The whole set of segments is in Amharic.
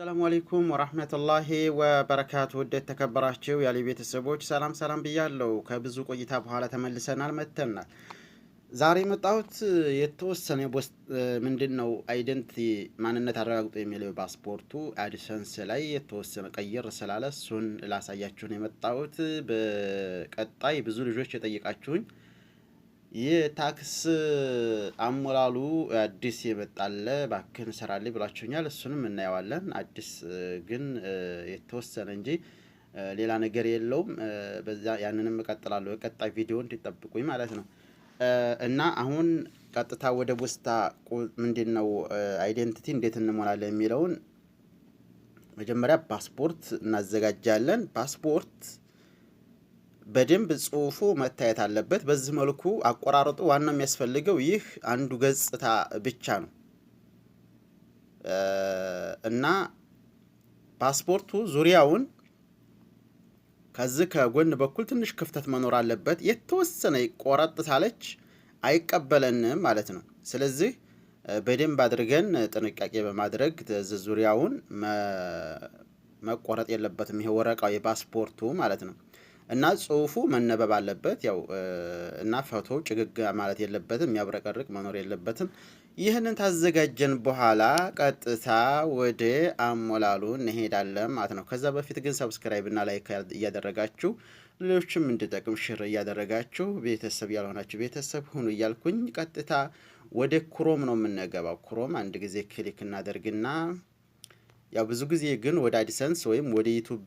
ሰላሙ አሌይኩም ወራህመቱላሂ ወበረካቱ። ውደት ተከበራችሁ ያሊ ቤተሰቦች ሰላም ሰላም ብያለው። ከብዙ ቆይታ በኋላ ተመልሰናል መጥተናል። ዛሬ የመጣሁት የተወሰነ ምንድን ነው አይደንቲቲ ማንነት አረጋግጦ የሚለው ፓስፖርቱ አድሰንስ ላይ የተወሰነ ቀይር ስላለ እሱን ላሳያችሁን የመጣሁት በቀጣይ ብዙ ልጆች የጠየቃችሁኝ የታክስ አሞላሉ አዲስ የመጣለ ባክን ሰራሌ ስራልኝ ብላችሁኛል። እሱንም እናየዋለን። አዲስ ግን የተወሰነ እንጂ ሌላ ነገር የለውም። በዛ ያንንም እቀጥላለሁ የቀጣይ ቪዲዮ እንዲጠብቁኝ ማለት ነው። እና አሁን ቀጥታ ወደ ቦስታ ምንድን ነው አይዴንቲቲ እንዴት እንሞላለን የሚለውን መጀመሪያ ፓስፖርት እናዘጋጃለን። ፓስፖርት በደንብ ጽሁፉ መታየት አለበት። በዚህ መልኩ አቆራረጡ ዋና የሚያስፈልገው ይህ አንዱ ገጽታ ብቻ ነው እና ፓስፖርቱ ዙሪያውን ከዚህ ከጎን በኩል ትንሽ ክፍተት መኖር አለበት። የተወሰነ ቆረጥ ሳለች አይቀበለንም ማለት ነው። ስለዚህ በደንብ አድርገን ጥንቃቄ በማድረግ ዙሪያውን መቆረጥ የለበትም። ይሄ ወረቃው የፓስፖርቱ ማለት ነው። እና ጽሁፉ መነበብ አለበት ያው እና ፈቶ ጭግግ ማለት የለበትም የሚያብረቀርቅ መኖር የለበትም። ይህንን ታዘጋጀን በኋላ ቀጥታ ወደ አሞላሉ እንሄዳለን ማለት ነው። ከዛ በፊት ግን ሰብስክራይብ እና ላይክ እያደረጋችሁ ሌሎችም እንድጠቅም ሽር እያደረጋችሁ ቤተሰብ ያልሆናችሁ ቤተሰብ ሁኑ እያልኩኝ ቀጥታ ወደ ክሮም ነው የምንገባው። ክሮም አንድ ጊዜ ክሊክ እናደርግና ያው ብዙ ጊዜ ግን ወደ አዲሰንስ ወይም ወደ ዩቱብ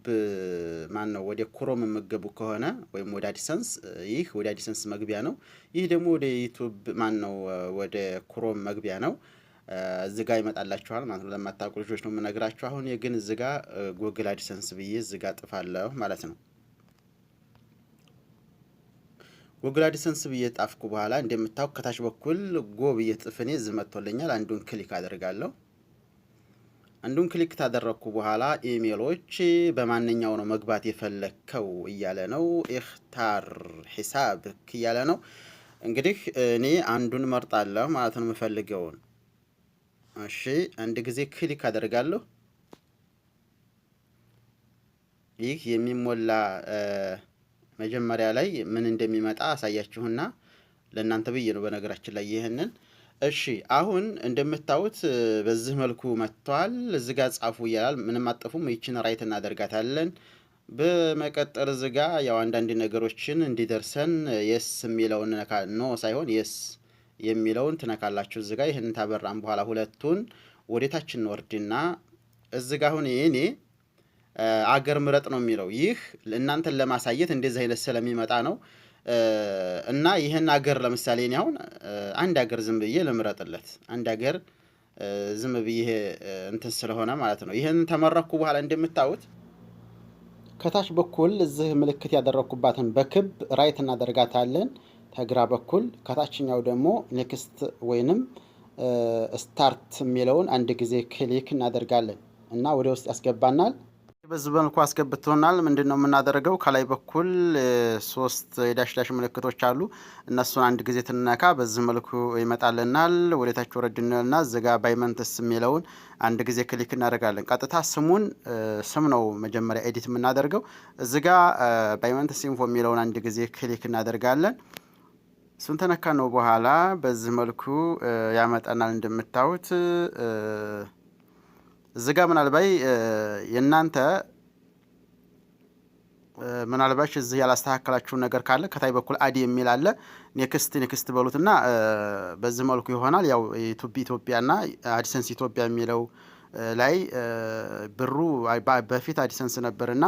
ማን ነው ወደ ክሮም የምገቡ ከሆነ ወይም ወደ አዲሰንስ ይህ ወደ አዲሰንስ መግቢያ ነው። ይህ ደግሞ ወደ ዩቱብ ማን ነው ወደ ክሮም መግቢያ ነው። እዚህ ጋ ይመጣላችኋል ማለት ነው። ለማታውቁ ልጆች ነው የምነግራችሁ። አሁን ግን እዚህ ጋ ጉግል አዲሰንስ ብዬ እዚህ ጋ ጥፋለሁ ማለት ነው። ጉግል አዲሰንስ ብዬ ጣፍኩ በኋላ እንደምታውቅ ከታች በኩል ጎ ብዬ ጥፍኔ እዚህ አንዱን ክሊክ አደርጋለሁ። አንዱን ክሊክ ታደረግኩ በኋላ ኢሜሎች በማንኛው ነው መግባት የፈለግከው እያለ ነው። ኢኽታር ሂሳብ እያለ ነው። እንግዲህ እኔ አንዱን መርጣለሁ ማለት ነው የምፈልገውን። እሺ አንድ ጊዜ ክሊክ አደርጋለሁ። ይህ የሚሞላ መጀመሪያ ላይ ምን እንደሚመጣ አሳያችሁና ለእናንተ ብዬ ነው በነገራችን ላይ ይህንን እሺ አሁን እንደምታዩት በዚህ መልኩ መጥቷል። እዚህ ጋር ጻፉ እያላል ምንም አጠፉም። ይችን ራይት እናደርጋታለን። በመቀጠል እዚህ ጋር ያው አንዳንድ ነገሮችን እንዲደርሰን የስ የሚለውን ኖ ሳይሆን የስ የሚለውን ትነካላችሁ። እዚህ ጋር ይህን ታበራም በኋላ ሁለቱን ወዴታችን ወርድና እዚህ ጋር አሁን የኔ አገር ምረጥ ነው የሚለው ይህ እናንተን ለማሳየት እንደዚህ አይነት ስለሚመጣ ነው። እና ይህን አገር ለምሳሌ እኔ አሁን አንድ አገር ዝም ብዬ ልምረጥለት አንድ አገር ዝም ብዬ እንትን ስለሆነ ማለት ነው። ይህን ተመረኩ በኋላ እንደምታዩት ከታች በኩል እዚህ ምልክት ያደረግኩባትን በክብ ራይት እናደርጋታለን ተግራ በኩል ከታችኛው ደግሞ ኔክስት ወይንም ስታርት የሚለውን አንድ ጊዜ ክሊክ እናደርጋለን እና ወደ ውስጥ ያስገባናል። በዚህ መልኩ አስገብቶናል። ምንድን ነው የምናደርገው? ከላይ በኩል ሶስት የዳሽ ዳሽ ምልክቶች አሉ። እነሱን አንድ ጊዜ ትነካ በዚህ መልኩ ይመጣልናል። ወደታች ወረድ እንልና ዝጋ ባይመንትስ የሚለውን አንድ ጊዜ ክሊክ እናደርጋለን። ቀጥታ ስሙን ስም ነው መጀመሪያ ኤዲት የምናደርገው። እዚጋ ባይመንትስ ኢንፎ የሚለውን አንድ ጊዜ ክሊክ እናደርጋለን። እሱን ተነካ ነው በኋላ በዚህ መልኩ ያመጣናል እንደምታዩት እዚህ ጋር ምናልባይ የእናንተ ምናልባሽ እዚህ ያላስተካከላችሁ ነገር ካለ ከታይ በኩል አዲ የሚል አለ። ኔክስት ኔክስት በሉትና በዚህ መልኩ ይሆናል። ያው ዩቱብ ኢትዮጵያና አዲሰንስ ኢትዮጵያ የሚለው ላይ ብሩ በፊት አዲሰንስ ነበርና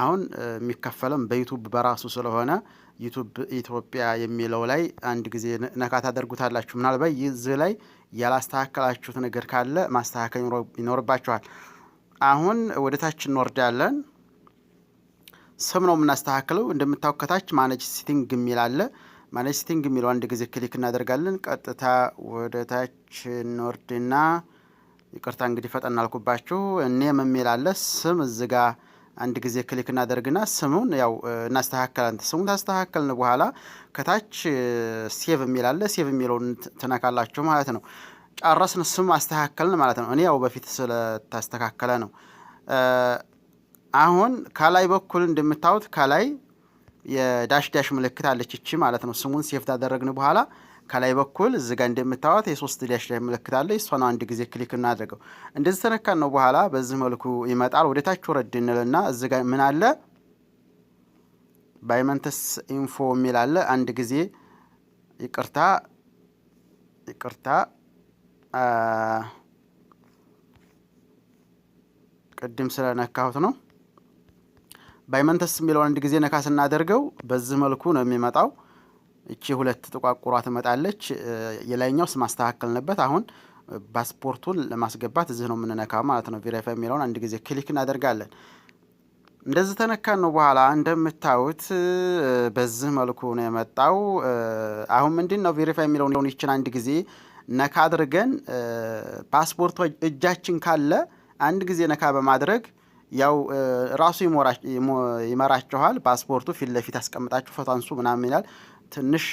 አሁን የሚከፈለም በዩቱብ በራሱ ስለሆነ ዩቱብ ኢትዮጵያ የሚለው ላይ አንድ ጊዜ ነካ ታደርጉታላችሁ። ምናልባት ይህ ላይ ያላስተካከላችሁት ነገር ካለ ማስተካከል ይኖርባችኋል። አሁን ወደ ታች እንወርዳለን። ስም ነው የምናስተካክለው። እንደምታውቁት ከታች ማነጅ ሲቲንግ የሚል አለ። የሚለው አንድ ጊዜ ክሊክ እናደርጋለን። ቀጥታ ወደ ታች እንወርድና ይቅርታ እንግዲህ ፈጠን አልኩባችሁ። እኔም የሚል አለ ስም እዚህ ጋ አንድ ጊዜ ክሊክ እናደርግና ስሙን ያው እናስተካከላለን። ስሙን ታስተካከልን በኋላ ከታች ሴቭ የሚል አለ። ሴቭ የሚለውን ትነካላችሁ ማለት ነው። ጨረስን፣ ስም አስተካከልን ማለት ነው። እኔ ያው በፊት ስለታስተካከለ ነው። አሁን ከላይ በኩል እንደምታዩት ከላይ የዳሽ ዳሽ ምልክት አለች፣ ይቺ ማለት ነው። ስሙን ሴቭ ታደረግን በኋላ ከላይ በኩል እዚ ጋ እንደምታዩት የሶስት ዳሽ ላይ ምልክታለ እሷን አንድ ጊዜ ክሊክ እናደርገው እንደዚህ ተነካን ነው በኋላ በዚህ መልኩ ይመጣል። ወደ ታች ወረድ እንልና እዚ ጋ ምን አለ ባይመንተስ ኢንፎ የሚል አለ። አንድ ጊዜ ይቅርታ ይቅርታ ቅድም ስለነካሁት ነው። ባይመንተስ የሚለውን አንድ ጊዜ ነካ ስናደርገው በዚህ መልኩ ነው የሚመጣው። እቺ ሁለት ጥቋቁሯ ትመጣለች። የላይኛው ስም ማስተካከል ነበት። አሁን ፓስፖርቱን ለማስገባት እዚህ ነው የምንነካው ማለት ነው። ቬሪፋይ የሚለውን አንድ ጊዜ ክሊክ እናደርጋለን። እንደዚህ ተነካን ነው በኋላ እንደምታዩት በዚህ መልኩ ነው የመጣው። አሁን ምንድን ነው ቬሪፋይ የሚለውን ይችን አንድ ጊዜ ነካ አድርገን ፓስፖርቱ እጃችን ካለ አንድ ጊዜ ነካ በማድረግ ያው ራሱ ይመራችኋል። ፓስፖርቱ ፊት ለፊት አስቀምጣችሁ ፎቶ አንሱ ምናምን ይላል። ትንሽ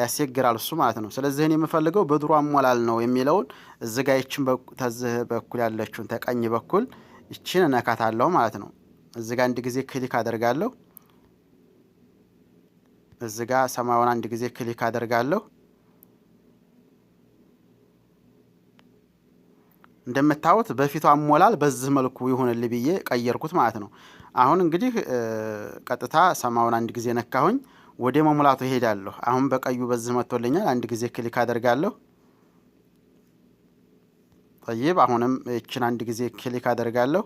ያስቸግራል እሱ ማለት ነው። ስለዚህ እኔ የምፈልገው በድሮ አሞላል ነው የሚለውን እዚ ጋ ይችን ተዝህ በኩል ያለችውን ተቀኝ በኩል ይችን እነካታለሁ ማለት ነው። እዚ ጋ አንድ ጊዜ ክሊክ አደርጋለሁ። እዚ ጋ ሰማዩን አንድ ጊዜ ክሊክ አደርጋለሁ። እንደምታዩት በፊቱ አሞላል በዚህ መልኩ ይሁንልኝ ብዬ ቀየርኩት ማለት ነው። አሁን እንግዲህ ቀጥታ ሰማያውን አንድ ጊዜ ነካሁኝ። ወደ መሙላቱ እሄዳለሁ። አሁን በቀዩ በዚህ መጥቶልኛል። አንድ ጊዜ ክሊክ አደርጋለሁ። ጠይብ፣ አሁንም ይችን አንድ ጊዜ ክሊክ አደርጋለሁ።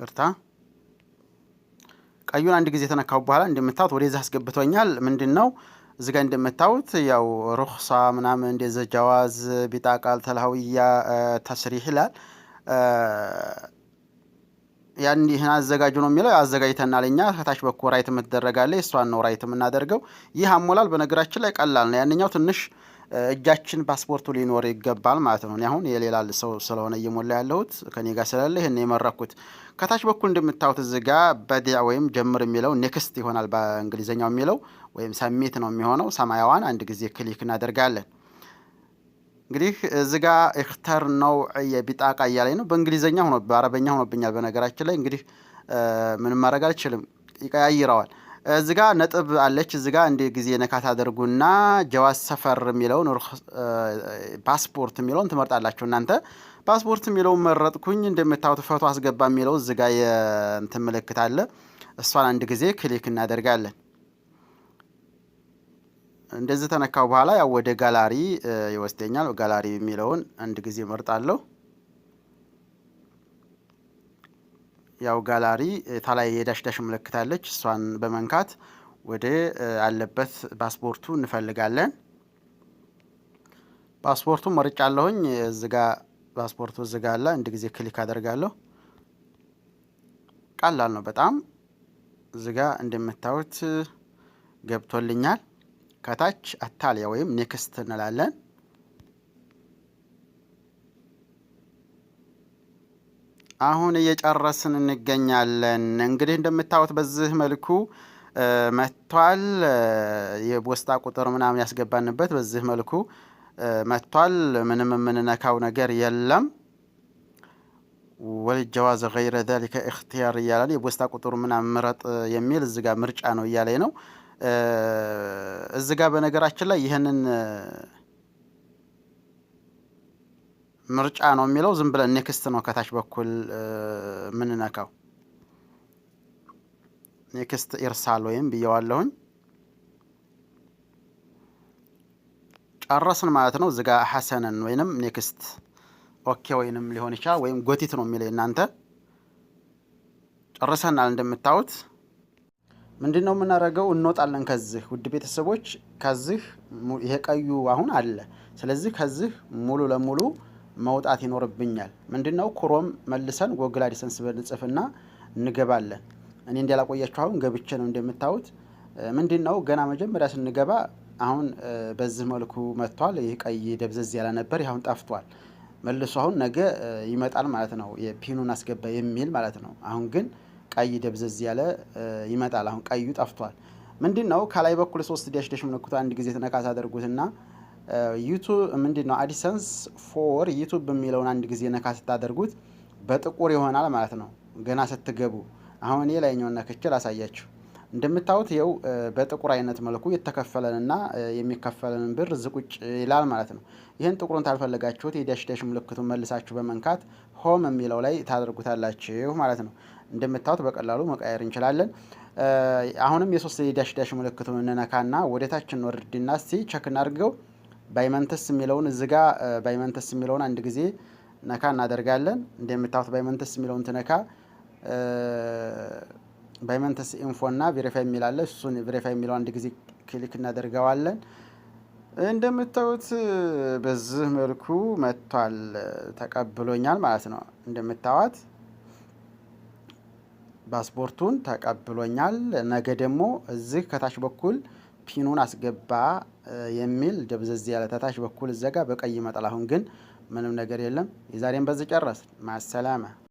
ቅርታ ቀዩን አንድ ጊዜ ተነካው በኋላ እንደምታዩት ወደዚህ አስገብቶኛል። ምንድን ነው እዚህ ጋር እንደምታዩት ያው ሩክሳ ምናምን እንደዚ ጀዋዝ ቢጣቃል ተላሃውያ ተስሪሕ ይላል። ያን ይህን አዘጋጁ ነው የሚለው አዘጋጅተናል እኛ። ከታች በኩል ራይት የምትደረጋለ እሷን ነው ራይት የምናደርገው። ይህ አሞላል በነገራችን ላይ ቀላል ነው። ያንኛው ትንሽ እጃችን ፓስፖርቱ ሊኖር ይገባል ማለት ነው። አሁን የሌላ ሰው ስለሆነ እየሞላ ያለሁት ከኔ ጋር ስለሌለ ይህን የመረኩት። ከታች በኩል እንደምታዩት እዚህ ጋ በዲያ ወይም ጀምር የሚለው ኔክስት ይሆናል በእንግሊዝኛው የሚለው ወይም ሰሜት ነው የሚሆነው። ሰማያዋን አንድ ጊዜ ክሊክ እናደርጋለን። እንግዲህ እዚህ ጋ ኢክተር ነው የቢጣቃ እያላይ ነው። በእንግሊዝኛ ሆኖ በአረበኛ ሆኖብኛል። በነገራችን ላይ እንግዲህ ምንም ማድረግ አልችልም፣ ይቀያይረዋል እዚ ጋ ነጥብ አለች። እዚ ጋ እንዲ ጊዜ ነካት አድርጉና ጀዋዝ ሰፈር የሚለውን ፓስፖርት የሚለውን ትመርጣላችሁ እናንተ። ፓስፖርት የሚለው መረጥኩኝ። እንደምታዩት ፈቶ አስገባ የሚለው እዚ ጋ የእንትን ምልክት አለ። እሷን አንድ ጊዜ ክሊክ እናደርጋለን። እንደዚህ ተነካው በኋላ ያው ወደ ጋላሪ ይወስደኛል። ጋላሪ የሚለውን አንድ ጊዜ መርጣለሁ። ያው ጋላሪ ታላይ የዳሽዳሽ ምልክት አለች። እሷን በመንካት ወደ አለበት ፓስፖርቱ እንፈልጋለን። ፓስፖርቱ መርጫ አለሁኝ እዚጋ ፓስፖርቱ እዚጋ አለ። አንድ ጊዜ ክሊክ አደርጋለሁ። ቀላል ነው በጣም እዚጋ እንደምታዩት ገብቶልኛል። ከታች አታሊያ ወይም ኔክስት እንላለን። አሁን እየጨረስን እንገኛለን። እንግዲህ እንደምታዩት በዚህ መልኩ መጥቷል። የቦስጣ ቁጥር ምናምን ያስገባንበት በዚህ መልኩ መጥቷል። ምንም የምንነካው ነገር የለም። ወልጀዋዝ ገይረ ዛሊከ እክትያር እያለ የቦስታ ቁጥሩ ምናምን ምረጥ የሚል እዚ ጋር ምርጫ ነው እያለኝ ነው። እዚ ጋር በነገራችን ላይ ይህንን ምርጫ ነው የሚለው ዝም ብለን ኔክስት ነው ከታች በኩል ምንነካው ኔክስት ኢርሳል ወይም ብየዋለሁኝ። ጨረስን ማለት ነው። ዝጋ ሐሰንን ወይንም ኔክስት ኦኬ ወይንም ሊሆን ይችላል ወይም ጎቲት ነው የሚለው እናንተ። ጨርሰናል እንደምታዩት። ምንድን ነው የምናደርገው? እንወጣለን ከዚህ ውድ ቤተሰቦች፣ ከዚህ ይሄ ቀዩ አሁን አለ። ስለዚህ ከዚህ ሙሉ ለሙሉ መውጣት ይኖርብኛል። ምንድን ነው ክሮም መልሰን ጎግል አዲሰንስ ብንጽፍና እንገባለን። እኔ እንዳላቆያችሁ አሁን ገብቼ ነው እንደምታዩት። ምንድን ነው ገና መጀመሪያ ስንገባ አሁን በዚህ መልኩ መጥቷል። ይህ ቀይ ደብዘዝ ያለ ነበር፣ አሁን ጠፍቷል። መልሶ አሁን ነገ ይመጣል ማለት ነው። የፒኑን አስገባ የሚል ማለት ነው። አሁን ግን ቀይ ደብዘዝ ያለ ይመጣል። አሁን ቀዩ ጠፍቷል። ምንድን ነው ከላይ በኩል ሶስት ዳሽ ዳሽ ምልክቱ አንድ ጊዜ ተነካ ታደርጉትና ዩቱብ ምንድን ነው አዲሰንስ ፎር ዩቱብ የሚለውን አንድ ጊዜ ነካ ስታደርጉት በጥቁር ይሆናል ማለት ነው። ገና ስትገቡ አሁን እኔ ላይኛውን ነክቼ ላሳያችሁ። እንደምታዩት ይኸው uh, በጥቁር አይነት መልኩ የተከፈለንና uh, የሚከፈለንን ብር ዝቁጭ ይላል ማለት ነው። ይህን ጥቁሩን ታልፈለጋችሁት የዳሽ ዳሽ ምልክቱን መልሳችሁ በመንካት ሆም የሚለው ላይ ታደርጉታላችሁ ማለት ነው። እንደምታዩት በቀላሉ መቀየር እንችላለን። uh, አሁንም የሶስት የዳሽ ዳሽ ምልክቱን እንነካና ወደታችን ወርድና ሲ ቸክ እናድርገው ባይመንተስ የሚለውን እዚ ጋ ባይመንተስ የሚለውን አንድ ጊዜ ነካ እናደርጋለን። እንደምታዩት ባይመንተስ የሚለውን ትነካ ባይመንተስ ኢንፎ እና ቬሪፋይ የሚላለ እሱን ቬሪፋይ የሚለው አንድ ጊዜ ክሊክ እናደርገዋለን። እንደምታዩት በዚህ መልኩ መጥቷል፣ ተቀብሎኛል ማለት ነው። እንደምታዋት ፓስፖርቱን ተቀብሎኛል። ነገ ደግሞ እዚህ ከታች በኩል ፒኑን አስገባ የሚል ደብዘዝ ያለ ተታች በኩል እዘጋ በቀይ መጠል። አሁን ግን ምንም ነገር የለም። የዛሬን በዚህ ጨረስ። ማሰላማ